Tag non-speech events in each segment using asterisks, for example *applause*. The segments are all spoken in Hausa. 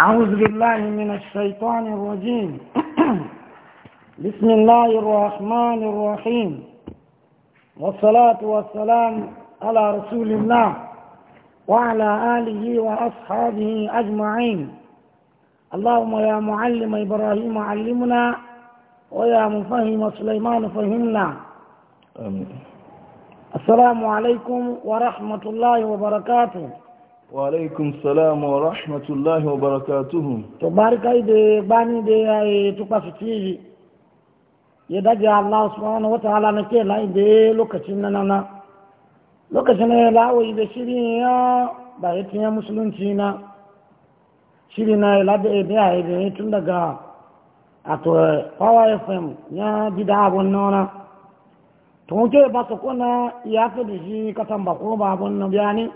أعوذ بالله من الشيطان الرجيم *clears throat* بسم الله الرحمن الرحيم والصلاة والسلام على رسول الله وعلى آله وأصحابه أجمعين اللهم يا معلم إبراهيم علمنا ويا مفهم سليمان فهمنا آمين السلام عليكم ورحمة الله وبركاته wa alaikum salam wa rahmatullahi wa barakatuhu to yi da ba ni da yi yayi tuka fitiri ya daji Allah wani wata wataala na ke lai da lokacin nan na lokacin ne lawai da shiri ya ba ya tinya musulunci na shiri na ya lada ebe a ebe tun daga a to power fm ya ji da abun nuna. to ke ba su kuna ya fi da shi katan bako ba abun na biya ni?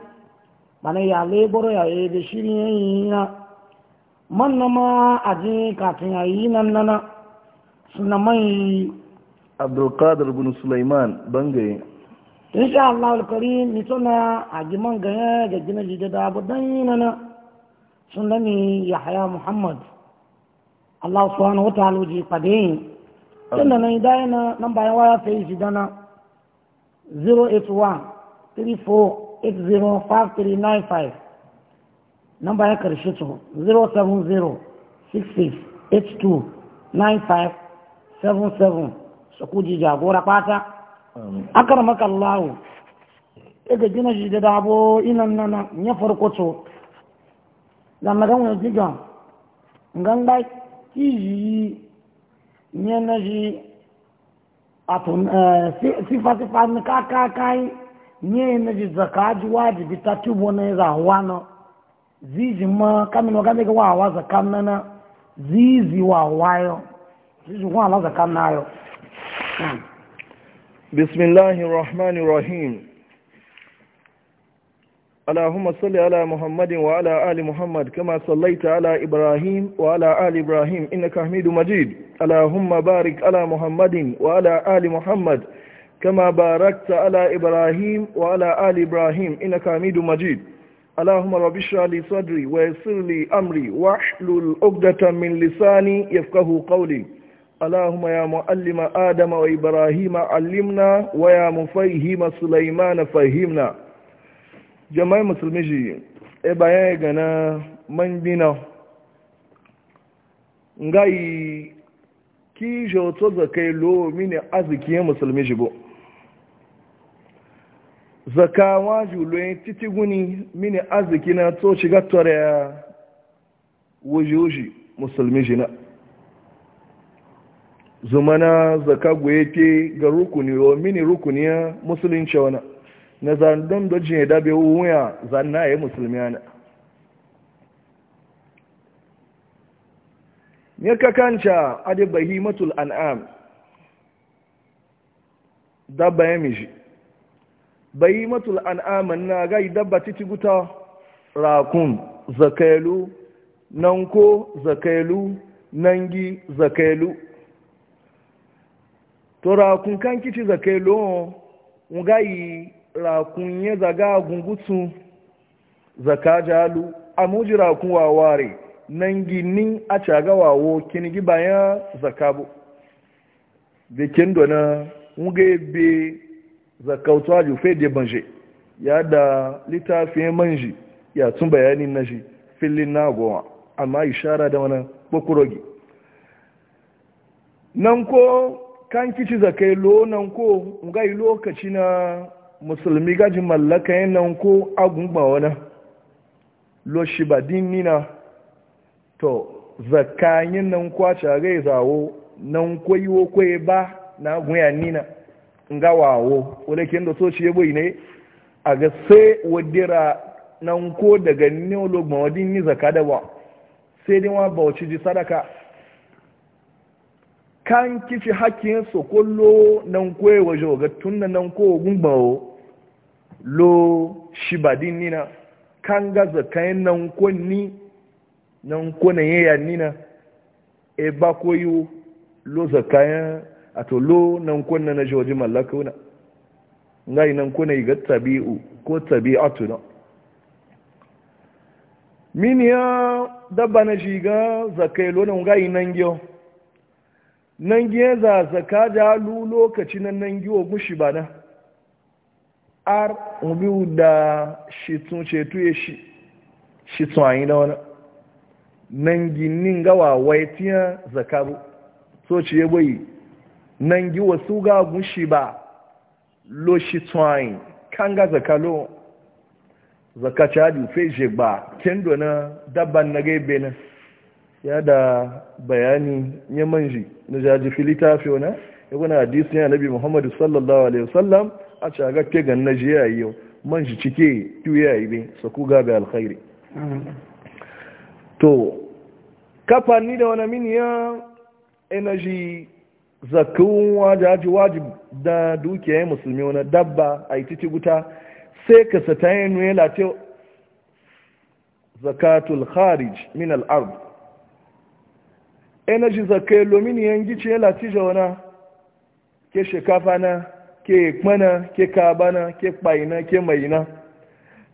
mana ya leboro ya yi da shirin yayi na man na ma a je kafin ya yi nan nana suna mai abdulkadir bin suleiman bangaye insha Allah alkarim mito na a giman gaya ga gina jide da abu dan yi nana suna ne muhammad Allah subhanahu wa ta'ala ji fade tun da na yi daya na nan bayan waya sai shi dana 081 34 805395 namba ya karshe to 07066829577 su kuji jagora fata akar makallahu ga gina shi da dabo ina nana ya farko to da magan wani jigan ngan ba yi nye na shi a tun eh, ni kakakai nye na ji zaka ji wajibi ta tubo za wa na zizi ma kamin wa ga wa wa zaka na na zizi wa wa zizi wa la zaka na yo bismillahir rahmanir rahim اللهم صل على محمد وعلى آل محمد كما صليت على إبراهيم وعلى آل hamidu إنك حميد مجيد اللهم بارك على محمد وعلى آل كما باركت على إبراهيم وعلى آل إبراهيم إنك عميد مجيد اللهم رب اشرح لي صدري ويسر لي أمري واحلل عقدة من لساني يفقه قولي اللهم يا معلم آدم وإبراهيم علمنا ويا مفهم سليمان فهمنا جماعة مسلمي إبايا غنا من دينا ngai kijo to zakai lo mini azikiye musulmi jibo zaka waju loyin titi guni mini arziki na to shiga tore ya wuji-wuji musulmi jina zumana zaka goye te ga rukuni o mini rukuni ya musulunci wana na zandon dojin ya dabe wuya zanna ya musulmi yana ya kanca adi matul an'am dabba ya miji bayi matul an'aman na gai dabba titi guta rakun zakailu nanko zakailu nangi zakailu to rakun kan kici zakailu yi rakun ya zaga gungutsu zaka jalu a muji rakun waware nangi ni a caga wawo kinigi bayan zakabu bikin dona ngai zakautuwa fai da banje ya da littafin manji ya tun bayanin na shi filin na goma amma ishara da wani bukurogi nan ko kan kici zakai lo nan ko ngai lokaci na musulmi gaji mallaka yin nan ko agungba wani lo shi ba dinina to zakayin nan kwace gai zawo nan kwayo kwaye ba na agunya nina ngawawo wani yadda so shi yabo ne a ga sai wadira nan ko daga neolog ma wadin ni zaka da ba sai dai wa bauchi ji sadaka kan kici hakkin so kollo nan ko e waje ga tun nan ko gumbawo lo shi badin nina kan ga zakan nan ko ni nan ko na nina e ba lo zakayan a to lo nan kunna na joji mallakuna ngai nan kuna ga tabi'u ko tabi'atu na min ya dabba na shiga zakai lo nan ngai nan giyo nan gye za zaka da lu lokaci nan nan giyo gushi bana ar ubi da shi tun ce ye shi shi tun ayi da wani nan ginin gawa waitiya zakabu so ci ya nan gi wasu ga gushi ba lo shi tsoyin kan ga zakalo zaka cadi ba kendo na dabban na gaibe na ya da bayani ya manji na jaji filita na, ya gwana hadisi ya nabi muhammadu sallallahu alaihi wasallam a caga gan na ji yayi yau manji cike ya yayi ne su ku gabe alkhairi hmm. to kafa ni da wani mini ya energy zakun wajaji wajib da dukiyar musulmi wani dabba a yi titi guta sai ka sata yin nuna zakatul kharij min al'ard energy zakai lomini gici yana lati jawana ke shekafa na ke kmana ke kabana ke kpaina ke maina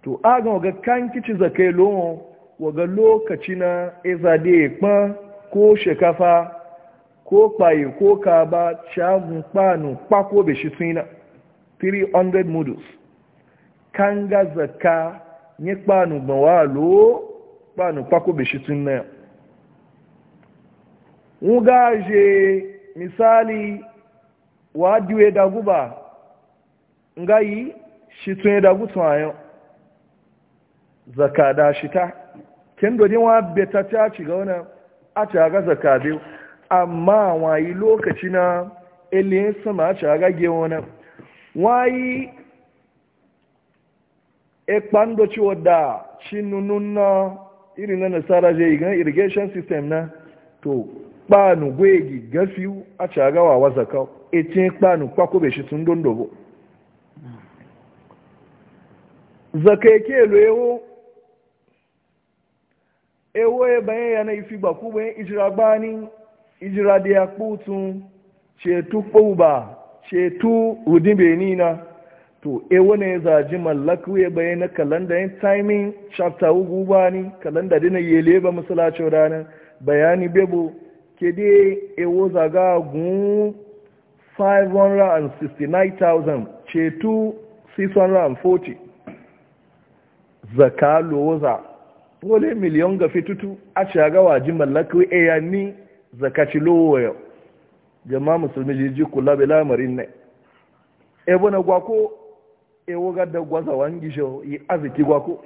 to a ga kan kici zakai lomo waga lokaci na ezade kpa ko shekafa ko kpaye ko ka ba shagun kpanu kpako be shi sina 300 modus kanga zaka nye kpanu gbawa lo kpanu kpako be shi sina ngaje misali wa diwe daguba ngayi shi tun dagu tun ayo zaka da shita kendo ni wa betata ci ga wannan a ta ga zaka biyu amma wayi lokaci na iliyin sama a cagage wani wayi ekpando ci wadda cinunun na irin na nasara je igan irrigation system na to kpanu gwegi gafi a cagawa waza kawo etin kpanu kwakobe shi tun dondobo zakeke elu ewu ewo ebe e ya na ifi gbakwube ijiragbani ijira da ya kutun cetu ƙuba cetu rudin benina to e wani ya zaji mallaku ya bayan na kalanda yin timing chapter ugu ba ni kalanda dina yele ba masalacin ranar bayani bebo ke dai ewo zaga gun 569,000 tu 640 zaka za wale miliyon ga fitutu a shaga waji mallaku ya ni zakaci lowoyo jama'a musulmi jiji kula bai lamarin ne ebo na gwako ewo da gwaza wangi sho yi aziki gwako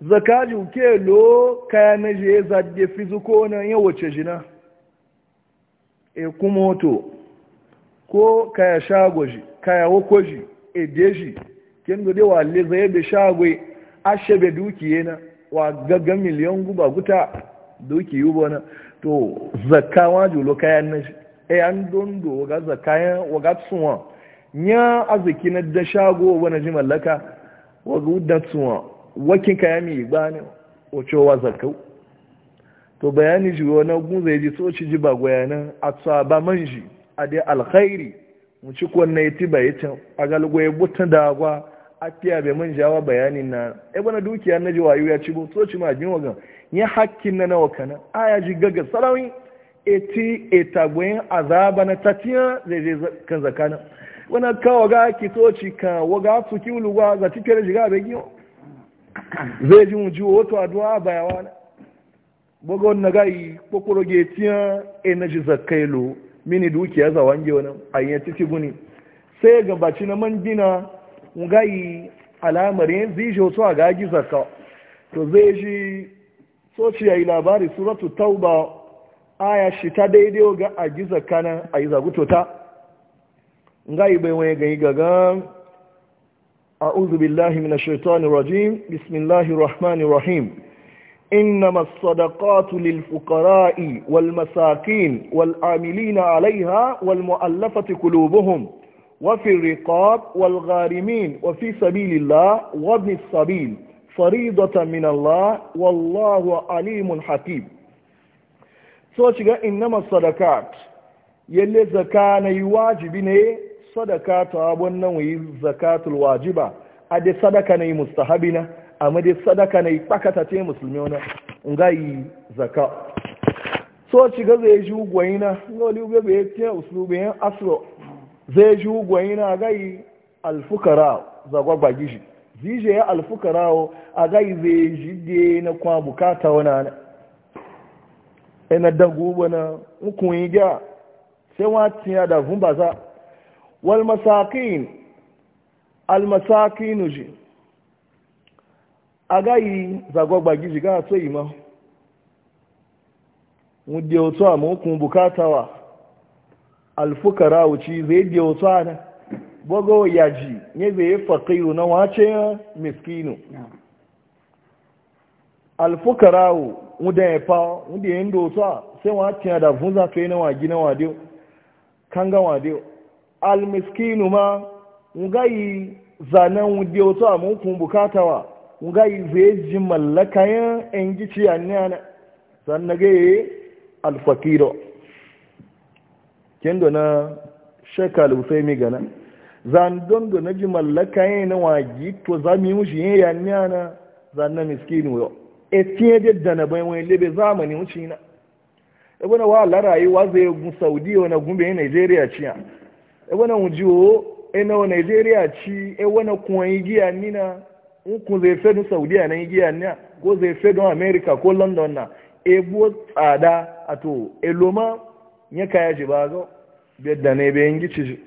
zakaji uke lo kaya na je zadde fizuko na yawace jina e kuma ko kaya shagoji kaya wakoji e deji ken gode wa le zaye be shagwe ashe be dukiye na wa gaga miliyon guba guta duki yi bana to zaka wajulo kayan na shi e an dondo waga zakka waga tsuwa ya arziki na da shago wani ji mallaka waga da tsuwa wakin kaya mi ba ne ocewa zaka to bayani ji wani gun zai ji so ci ji ba gwayanan a tsaba man ji a dai alkhairi mu ci kwanne ya ti bayi can a galgwai butun da agwa a fiya bai man jawa bayanin na ebe na dukiya na ji wayo ya ci bo so ci ma jin wagan ya hakkin na nawa kana aya ji gaga sarawin eti etagwen azaba na tatiya zai zai kan zakana wani ka ga ki toci ka waga su ki uluwa za ti kere jiga bai giyo zai ji mu wato a addu'a bayawa na bogo na gai kokoro ge tiya ji zakailo mini dukiya za wange wani ayyan titi guni sai ga baci na mangina gina ngai alamar yin zijo to a gagi zaka to zai ji so ci ya yi labari suratu tauba aya shi ta daidai ga a giza kanan a yi zaguto ta bai wani gani أعوذ بالله من الشيطان الرجيم بسم الله الرحمن الرحيم إنما الصدقات للفقراء والمساكين والعاملين عليها والمؤلفة قلوبهم وفي الرقاب والغارمين وفي سبيل الله وابن السبيل faridatan min Allah wallahu alimun hakim so shiga innama sadakat yalle zaka na yi wajibi ne sadaka ta wannan wayi zakatul wajiba a da sadaka na yi mustahabina amma da sadaka na yi pakata ce musulmi wani ngayi zaka so shiga zai ji ugwaina ngoli ube bai tiya uslubiyan asro zai ji ugwaina gayi alfukara zagwagwagi shi zije ya alfukarawo a gai zai jide na kwa bukata wani ana ina e dangu wani hukunyi gya sai wacin ya da fun ba za wal masakin al ji a gai zagwagba giji ga to ma mu diyo to a mu hukun bukata wa alfukarawo ci zai diyo to ana bogo yaji ne zai faqiru na wace miskinu alfukarawo wuda ya fa wuda ya ndo sa sai wa tiya da funza to na wagi na wade kan ga wade almiskinu ma ngai zanan wuda to a mun kun bukata wa ngai zai ji mallaka yan en gici ana san na gaye alfakiro kendo na sai usaimi gana don da na ji mallaka yi na wagi to za mu yi mushi yin yanni ana na miskini yau e tiye da na bai wani lebe zamani mushi na ibana e wa larayi wa zai gun saudi wani gumbe yin nigeria ciya ibana e wuji wo e na nigeria ci e wani kuma yi giya na? in kun zai don saudi na yi giya ni ko zai don america ko london na e buwa tsada a to e loma ya kaya ba zo biyar da ne bayan gici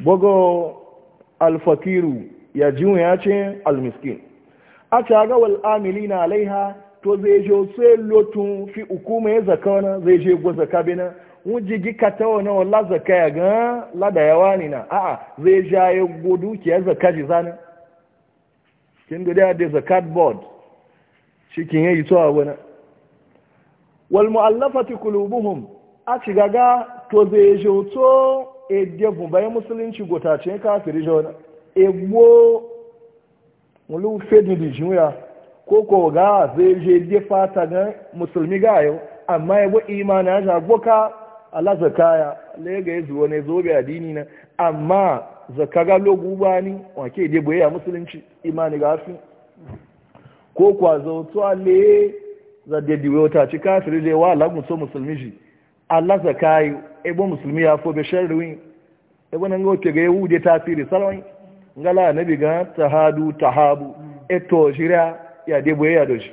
bugo alfakiru ya jiwu ya ce almiskin a ga wal amilina alaiha to zai je sai lotun fi hukuma ya zaka wani zai je gwa zaka bina jigi gika ta wani wala zaka ya ga lada yawa ne na a'a zai ja ya godu ki ya zaka ji zana kin gudu ya da zakat board shi kin yi to a wani wal mu'allafati qulubuhum a gaga to zai je to edegun bayan musulunci gotacin kafiri jona egbo mulu fedin di juya ko ko ga zai je de fata ga musulmi ga yau amma yabo imani ya jagoka Allah zakaya le ga yanzu wani zobe addini na amma zakaga logu bani wake de boye ya musulunci imani ga afi ko kwa zo to ale za de diwe ta ci kafiri je wa Allah so musulmi ji Allah zakayu ebo musulmi ya fo be sharri ebo nan gote ga yahude tasiri salawai ngala ta hadu ta habu eto shirya ya debo ya doji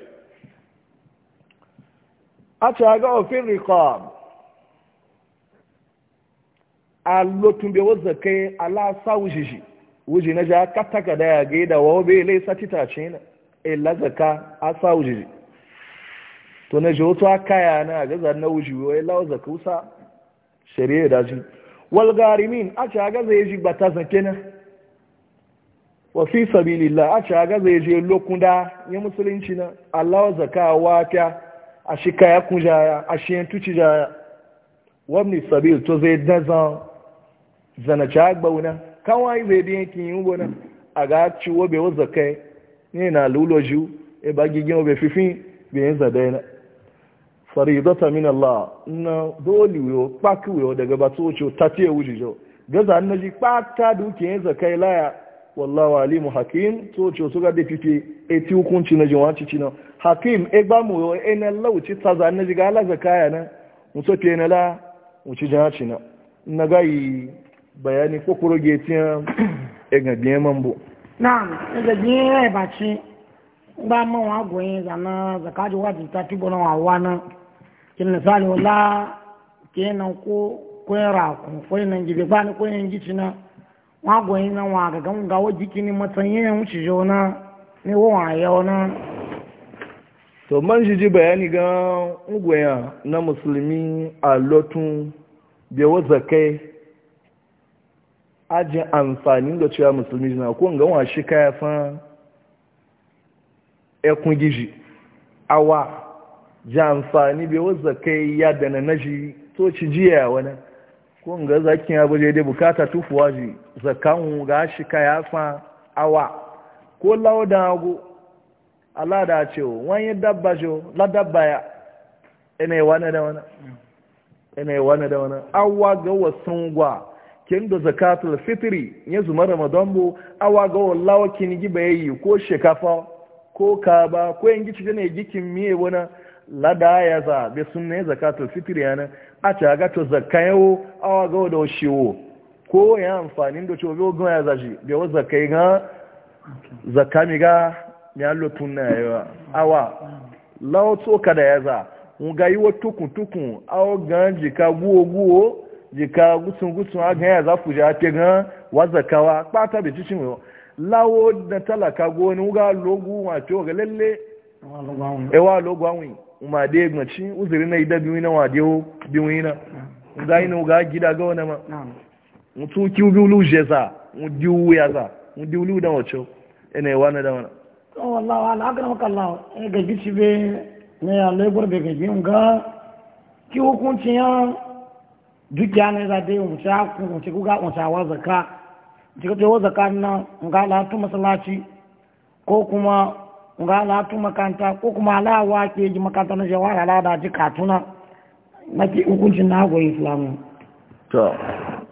acha ga ofin riqab allotun be wazake ala sawjiji wuji na ja kataka da ya ga da laisa titace satita cina e lazaka asawjiji to na ji wata kaya na gaza na wuce wai lauza kusa shari'a da shi a garimin a ci gaza ya ji bata zake na kenan wa fi sabilillah a a gaza ya ji da ya musulunci na Allah zaka wa ta a shi kaya kun jaya a shi yan tuci jaya wani sabi to zai daza zana ci wuna kawai zai biyan kin yi ubona a ga ciwo bai wa ne na lulo ji e ba gigin obe fifin biyan yana. faridata min Allah na dole wiyo kpaki wiyo daga ba tsoci ta ce gaza kpata duke yin zakai laya wallahu alimu hakim tsoci su ga da fifi e hukunci na jinwa ci hakim mu yo e na ta ji ga la ya na muso te na la *clears throat* cina na ga bayani ko kuro biye ta na kin na sani wala kenan ko kwera kun kwai nan gibe ba ni kwayin gici na wa goyin nan wa ga gan gawo jiki ni matsayin yan wuce na ni wo wa yau na to man ji ji bayani ga ungwaya na musulmi a lotun bai waza kai ajin amfani da cewa musulmi na ko ga wa shi kaya ekun gishi awa ji amfani bai wazza kai ya da na naji to ci jiya wani kun ga zakin ya buje dai bukata tufuwa ji zakan ga shi ka ya fa awa ko lauda agu ala da ce wani dabba jo la dabba ya ina wani da wani ina wani da wani awa ga wasan gwa kin da zakatul fitri ya zuma ramadan bu awa ga wallawa kin gi bayi ko shekafa ko kaba ko yangi ci ne gikin miye wani lada ya za bai sun ne zakatul fitr yana a ta ga to a awa ga da shiwo ko ya amfani da to go ya zaji bai wa zakai ga zakami ga ya lotun na yawa awa lawo to kada ya za mu ga yi wa tukun tukun awa ga jika guwo guwo jika gutsun gutsun a ga ya za ku ja te ga wa zakawa kpata bi cikin yo lawo da talaka go ni logu wato ga lalle ewa logu awin ma da ya gmaci uzuri na ida biyu na wadewo biyu na ga yi na ga gida ga wani ma mutu kiwu biyu luje za mu diwu ya za mu diwu lu da wace ina yi wani da wani oh wallah ala akana maka allah e, ga gici be ne ya lebar be ga biyu ga ki hukuncin ya dukiya ne za da yi mu ta kuma ci kuga mu ta wazaka ci ka ta wazaka na ga la masallaci ko kuma nga la tu makanta ko kuma la wa ke ji makanta na jawara la da ji katuna maki hukuncin na go islamu to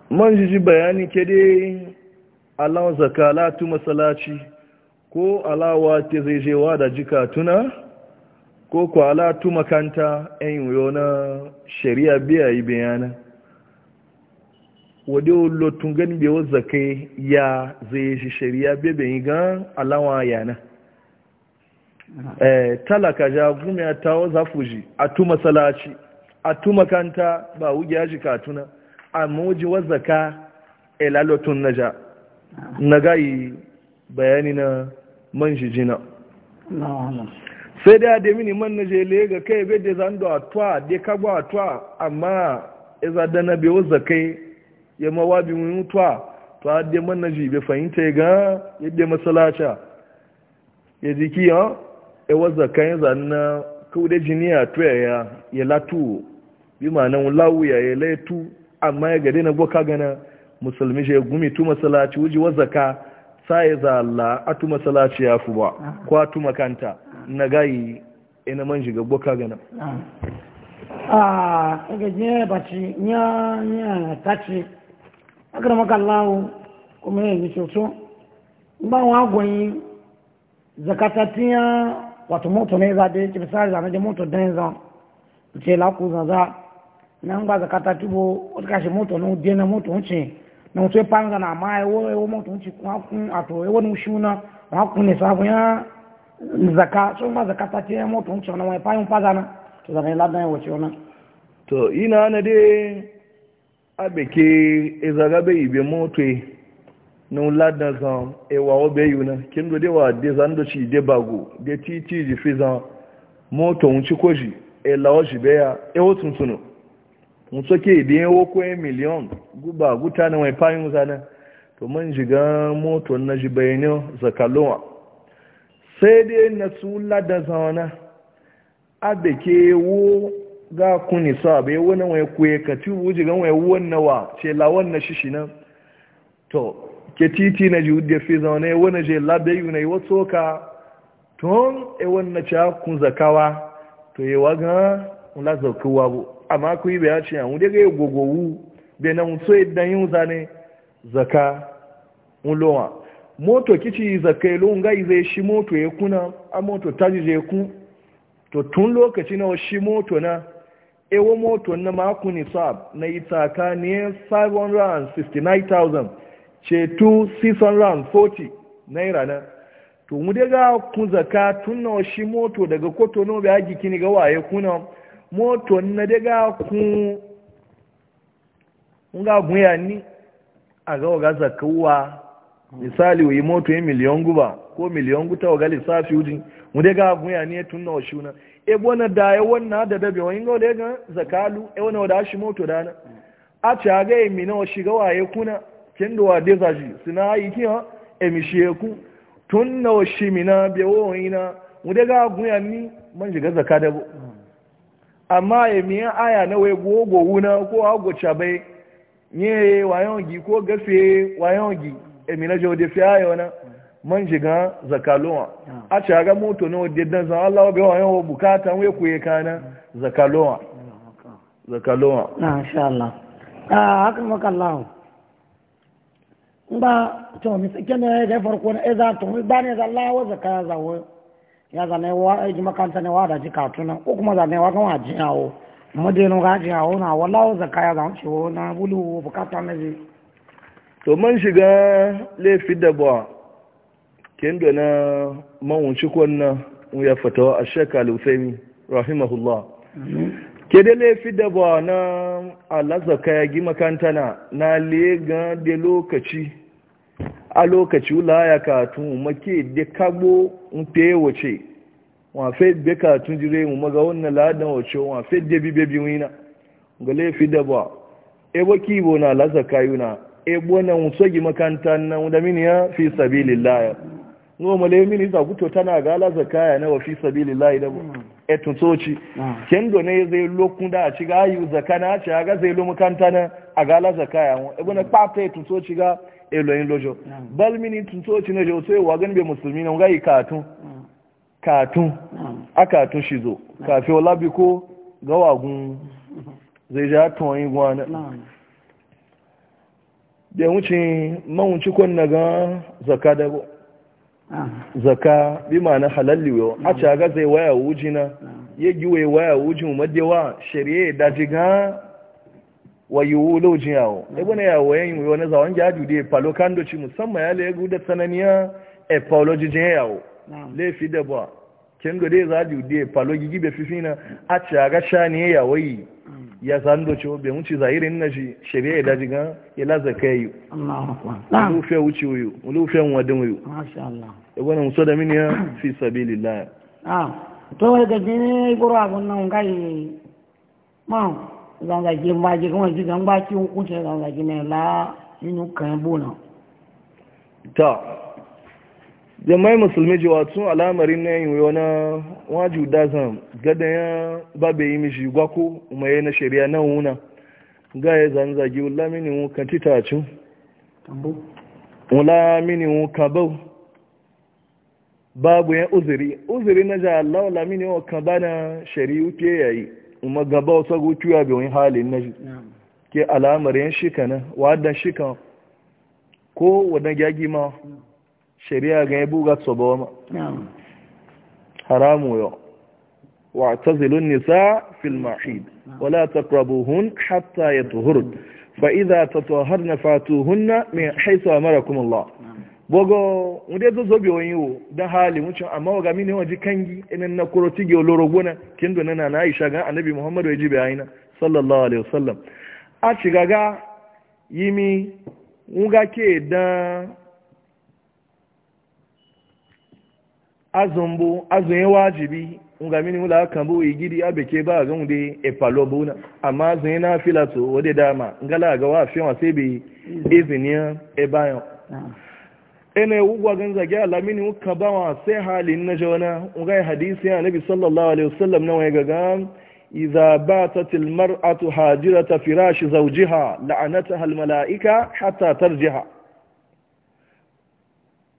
man ji bayani ke dai Allah zakalatu masalaci ko alawa ke zai wa da katuna, ko ala tu makanta ɗan yiwu na shari'a biya yi bayana wadda lotun gani bewa zakai ya zai shi shari'a biya bayi gan alawa yana Eh, talaka ja gumi a tawo za fuji a tu masalaci a tu makanta ba wuge ya ji katuna amma wuji wazaka ilalotun e na ja na gayi bayani na man jijina sai da a ne man na le ga kai bai da zan a tuwa da ka a tuwa amma iza e da na bewa kai ya mawa bi mun tuwa to a da man na ji bai fahimta ya ga yadda masalaca ya jiki e ewa zakan zanna kaude a tuya ya ya latu bi ma'anan lawu ya ya laitu amma ya gade na boka gana musulmi shi ya gumi tu masalaci wuji wa ka sa ya za Allah a tu masalaci ya fi ba ko a tu makanta na gayi ina man shiga boka gana a gajiyar baci ya ya tace aka da kuma ya yi soso ba wa gwayi zakatatiya wato moto ne za da yake misali zane da moto dan za ce la ku za na ba zakata tubo kashi moto na de na moto wuce na mutu panga na ma e wo e moto unce ku akun ato wani wushi shuna wa ku ne sabu ya zaka so za kata ti moto wani wani wa pa yun na to zane la ya wuce wani to ina na dai abeke ezagabe ibe moto e na uladan zan ewa obe yuna kin do wa de zan do ci de bago de titi ji fi zan moto un ci koji e lawa ji beya e o tun sunu mun so ke de o ko e million guba guta na wai payun zana to man jiga moto na ji bayani zakalowa sai dai na su ladan a da ke wo ga kuni sa bai wani wai kuye ka ci wuji ga wai wannan wa ce lawan na shishi nan to ke titi na ji da fi zaune wani je labe yi na yi wasu ka tun e wannan ci kun zakawa to yi waga wula zaukuwa bu amma ku yi bayan ci yawon daga yi gogowu bai na mutu idan yi zane zaka wulowa moto kici zaka yi lon gai zai shi moto ya kuna a moto ta ji zai kun to tun lokaci na shi moto na ewo moto na makuni sab na yi tsaka ne 569,000 ceto 640 naira na to mu daga kun zaka tunna shi moto daga kotono bai haji kini ga waye kuna moto na daga kun nga guya ni a ga ga zakawa misali wi moto yin miliyon guba ko miliyon guta ga lissafi udin mu daga guya ni tunna shi e na e bona da ya wanna da dabe wani ga daga zakalu e wanna da shi moto da na a ci ga yi mino wa shiga waye kuna kendo wa deza ji sina yi kiya emishe ku tun na washi mina biya wawon na mu daga gunya ni man shiga zaka da bu amma e ya miya aya na wai gogo wuna ko ago chabe nye wayon gi ko gafe wayon gi emina jode fi ayo na man shiga zakalowa a ci aga moto na wadda dan zan Allah bai wa bukata bukatan wai kuye kana zakalowa zakalowa na insha Allah ah haka maka ba to mi sike ne da e farko na eza to mi ba ne zalla wa zaka za wo e ya zane wa ai ji makanta ne wa da ji katuna ko kuma zane wa kan waji yawo mu de no ga ji yawo na wallahi zaka ya zan ci wo na bulu bukata na ji to man shiga le fidda ba kendo na man wuci konna ya fatawa ashaka al-usaimi rahimahullah mhm. kede laifi da ba na alazaka ya gi makantana na lega da lokaci a lokaci wula wulaya katun make da kagbo n pe wace wọn fẹ́ gbé katun jire mu maga wannan ladan wace wọn fẹ́ débi bẹbi wina ga laifi daba ebo kibo na lasa kayuna ebo na e musogi makanta na wuda mini ya fi sabi lillaya ngoma lai mini za kuto tana ga lasa kaya na wa fi sabi lillahi daba etun soci ah. kendo ya zai lokun da ci ga ayu zakana ci ga zai lo makanta na a gala zakaya mu ibn ya etun soci ga eloyin lojo bal mini tun soci ne wa gan be musulmi na ngai katun katun aka tun shi zo ah. kafi wala bi ko ga wagun *laughs* zai ja ton yi gwana da kon na ga zaka bi ma'ana halalli yau a ci aga zai waya wuji na ya giwe waya wuji mu madewa shari'a da jiga wa e yi wulo ji yawo ebe na yawo yin yi wani zawon ya da palo kando ci musamman ya le gudu da sananiya e apology jin yawo laifi da ba kengo gode za ju dai palo gigi be fifina a ci aga shani ya wai ya zando ci be mu ci zairin na shi ya daji jiga ya laza zakai Allahu akbar lu fe wuci wuyu lu fe wadin wuyu masha Allah e gona muso da miniyan fi sabilillah ah to wai ga jini gura nan kai ma zanga ji ma ji kuma ji gamba ci ku ce zanga ji ne la inu kan bona ta jama'ai musulmi ji tun al'amarin na yin wani waju dazan gada ya babe yi mishi gwako mai na shari'a na wuna ga ya zanzagi wula mini wuka titacin wula mini wuka bau babu ya uzuri uzuri na ja Allah wula mini wuka ba na shari'a shari'u ke yayi kuma gaba wata gutuwa bai wani halin na ke al'amarin shika na wadan shika ko wadan gyagi ma shari'a ga ya buga tsoba ma haramu yau wa nisa fil mahid wala hun hatta yatuhurun fa idza na fatuhunna min haythu amarakum Allah bogo unde zo zo biyo yiwo da hali mucin amma waga mini waji kangi inan na kuroti ge oloro gona kin nana na Aisha ga Annabi Muhammad waji aina. sallallahu alaihi wasallam a cigaga yimi wuga ke dan azumbu azunye wajibi nga mini wula kambu igidi abeke ba ga nde efalo buna amma azunye na fila wode dama ngala ga wa fi wa sebi izini e bayo ene ugwa ganza ga la mini ba wa sai halin na jona nga hadisi ya nabi sallallahu alaihi wasallam na waya ga idza batat al mar'atu hajirata firash zawjiha la'anataha al hatta tarjiha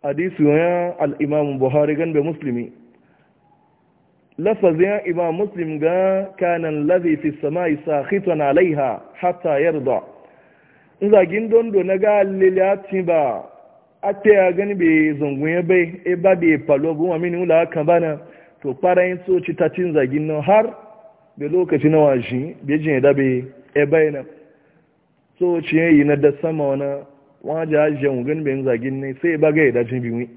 hadisi ya al'imam buhari gan bai musulmi lafazin imam muslim ga kanan sama fi sama'i sakhitan alaiha hatta yarda zagin dondo na ga lilati ba a ta ya gani bai ya bai e ba bai falo goma mini wula haka bana to fara yin soci ta cin zagin nan har da lokaci na washi bai jin da bai e bai na soci ya na da sama wani waje ajiyar gan bayan zagin ne sai bagai da jin biyu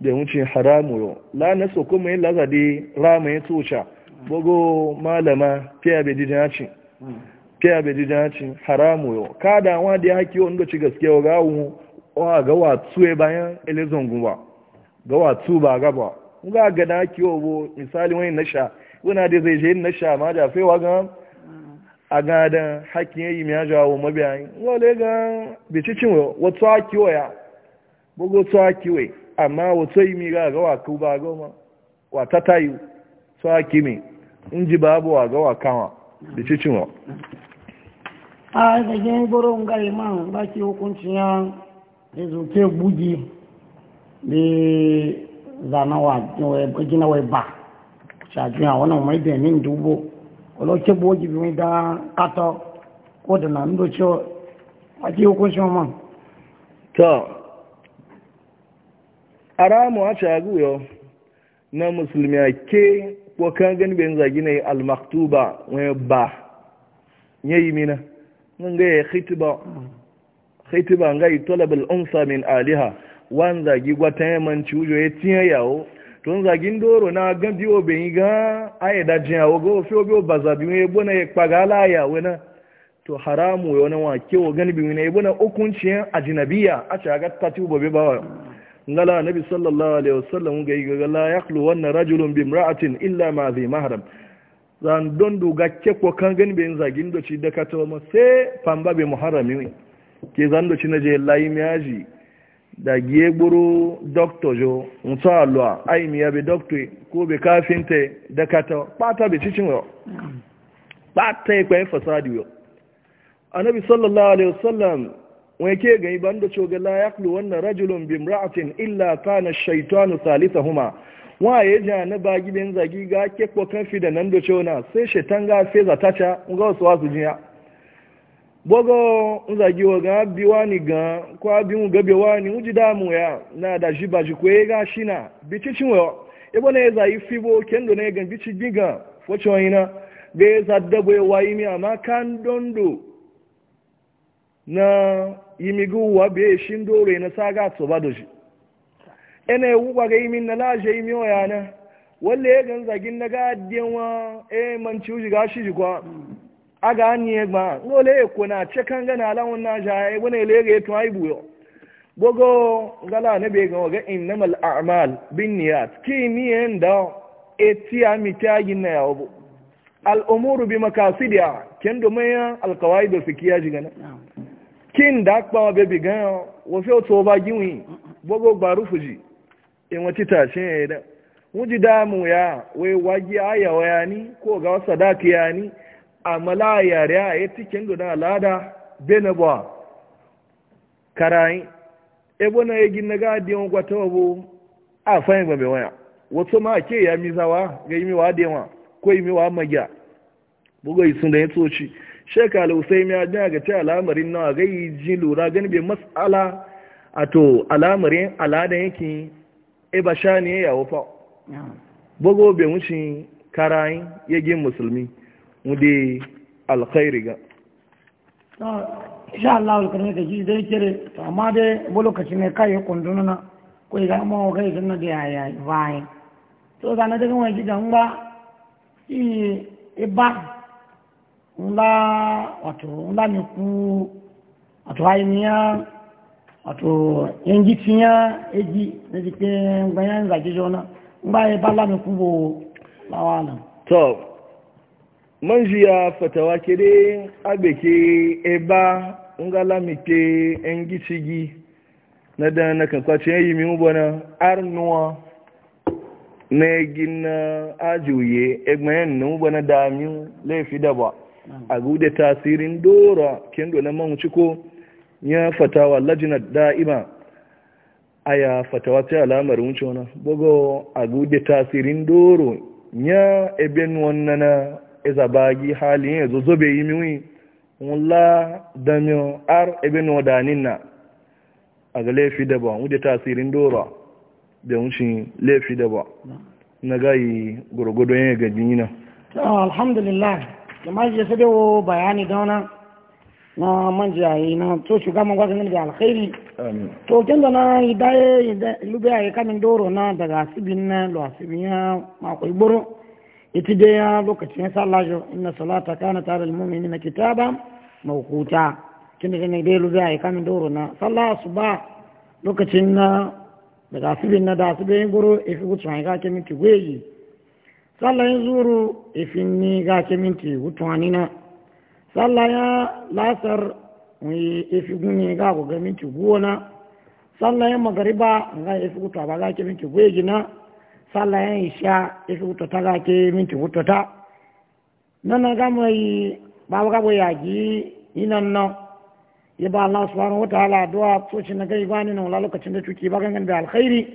da wuce haramu yau la na kuma yin lazadi rama ya toca bugu malama fiye bai jijin hacin fiya bai jijin hacin haramu yau kada wa da ya haƙi wani gaci gaske wa gawo wa ga watsu ya bayan elizon guba ga watsu ba gaba ga ga na haƙi wa misali wani nasha wani da zai je nasha ma da wa gan a gadan hakin yayi mai jawo mabiyayi wale ga bicicin wato haki waya bugu to haki wai amma wato yi mi ga ga ba goma wa ta tayu to haki mi in ji babu wa ga wa kawa bicicin wa a da gen goro ngai man ba hukuncin ya ezuke bugi bi zanawa wa gina wai ba shajin a wannan mai da min olóòtú bó jìbì wọn dá kátọ kó dùnà ń dòtí àti okó sí ọmọ. tọ́ ara mu a caguyo na musulmi ake ke kan gani bayan zagi na almaktuba wani ba ya yi mina nan ga ya khitiba khitiba ga yi tolabal unsa min aliha wani zagi gwata yamanci wujo ya tiya yawo tun zagin doro na gan biyo ben ga aye da jin awo go fi obi baza bi we bona ye pagala ya wena to haramu yo na wa ke o gan bi wena ye bona okuncin ajnabiya a cha ga tatu bobe ba ngala nabi sallallahu alaihi sallam ga yi ga la yaqlu na rajulun bi imra'atin illa ma zi mahram zan don ga ke ko kan gani be zagin do ci da ka to ma sai pamba be muharrami ke zan do ci na je layi miyaji da giye gburu doktor jo nso alwa aimi ya be doktor ko be kafinta da kata pata be cikin yo pata ya kwaye fasadi yo anabi sallallahu alaihi wasallam wai ke gani banda coga la yaqlu wannan rajulun bi imra'atin illa kana ash-shaytanu thalithahuma wa ya ja na ba gidan zagi ga ke ko kan fi da nan do na, sai shaytan ga sai zata ta ngo so wasu jiya bogo nzagi bi biwani ga kwa bimu gabe wani uji damu ya na da jiba jikwe ga shina bici cinwo ebo ne za ifibo kendo ne ga bici giga focho ina be za dabo ya waimi ama kan dondo na imigu wa be shindore na saga to badoji ene wuwa ga imin na laje imi oyana walle ga nzagin na ga diyanwa e manci uji ga shi jikwa aga anyị egba ngole ekwo na chekan gana ala na ja e wona ele ga etu ai buyo bogo ngala ne be ga ga innamal a'mal binniyat ki ni enda eti amita yin na yabo al umuru bi makasidiha kendo maya al qawaid ji jigana kin da pa be bi gan wo fe to ba giwi bogo gbarufuji in wati tashin da wuji mu ya wai waji aya wayani ko ga sadaki yani amala yare a yi cikin guda alada bene ba karayi ebo na egin na gadi yawon kwata wabo a fayin gbabe waya wato ma ke ya mizawa ga yi miwa dewa ko yi miwa magiya bugo yi sun da ya toci shekala usai miya jiya ga ce alamarin na ga yi ji lura gani bai matsala a to alamarin alada yake e ba sha ne ya wufa bugo bai wuce karayi yagin musulmi wude alkhairi ga insha Allah alkarin da ji dai kire to amma dai bo lokaci ne kai kunduna na ko ga mu ga sun da ya ya vai to ga na daga wani gidan ba i ba nla wato nla ku wato ya wato eji na jikin bayan zage jona ngba iba la ku bo lawa man jiya fatawa kere abeke eba ngalamike engicigi na da na kakwacin yi mi mubana arnuwa na gina ajiye egmayen na mubana da mi laifi da ba mm. a gude tasirin dora kendo na man ciko ya fatawa lajina da'ima aya fatawa ta alamar wuce na bugo a gude tasirin doro ya ebe na. Ezabagi hali, halin ya zozo bai yi miwi wula da miyo ar ebe na wadanin na a ga laifi da ba wuce tasirin dora da wuce laifi da na gayi gurgudu ya gaji yana alhamdulillah da ma je sadewo bayani dauna na manjiyayi na to shugaban gwazin da alkhairi to kin da na idaye lubiya ya kamin doro na daga asibin na lo asibin ya makwai buru ita dai ya lokacin sallah jo inna salata kana lil mu'minina kitaba mawquta kin da ne dai lubiya ya kamin doro na sallah suba lokacin na daga asibin na da asibin goro ifi gutsuwa ga ke minti gweji sallah yin zuru ifi ni ga ke minti gutsuwa ni na sallah ya lasar ifi guni ga ga minti gona sallah ya magariba ga ifi gutsuwa ba ga ke minti gweji na sallah ya isha isu ta lake minti utota na gamo yi babu gabo ya gi inan nan ya ba Allah subhanahu wataala addu'a na gai bani nan wala lokacin da tuki ba gangan da alkhairi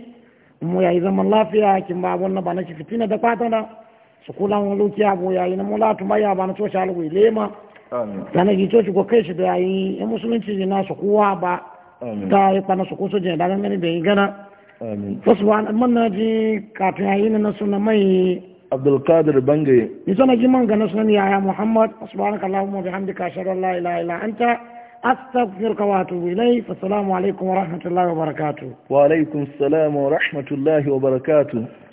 mu yayi zaman lafiya kin ba wannan ba na ki fitina da fata na su kula mu loki abu yayi na tu mai ba na so shi alwai lema amin dana ji to ko kai shi da yayi in musulunci ne na su kuwa ba ta yi kana su kusa je da gangan da yi gana عبد القادر بنجي يسونا جمان غنسون يا محمد سبحانك اللهم وبحمدك اشهد ان لا اله الا انت استغفرك واتوب اليك فالسلام عليكم ورحمه الله وبركاته وعليكم السلام ورحمه الله وبركاته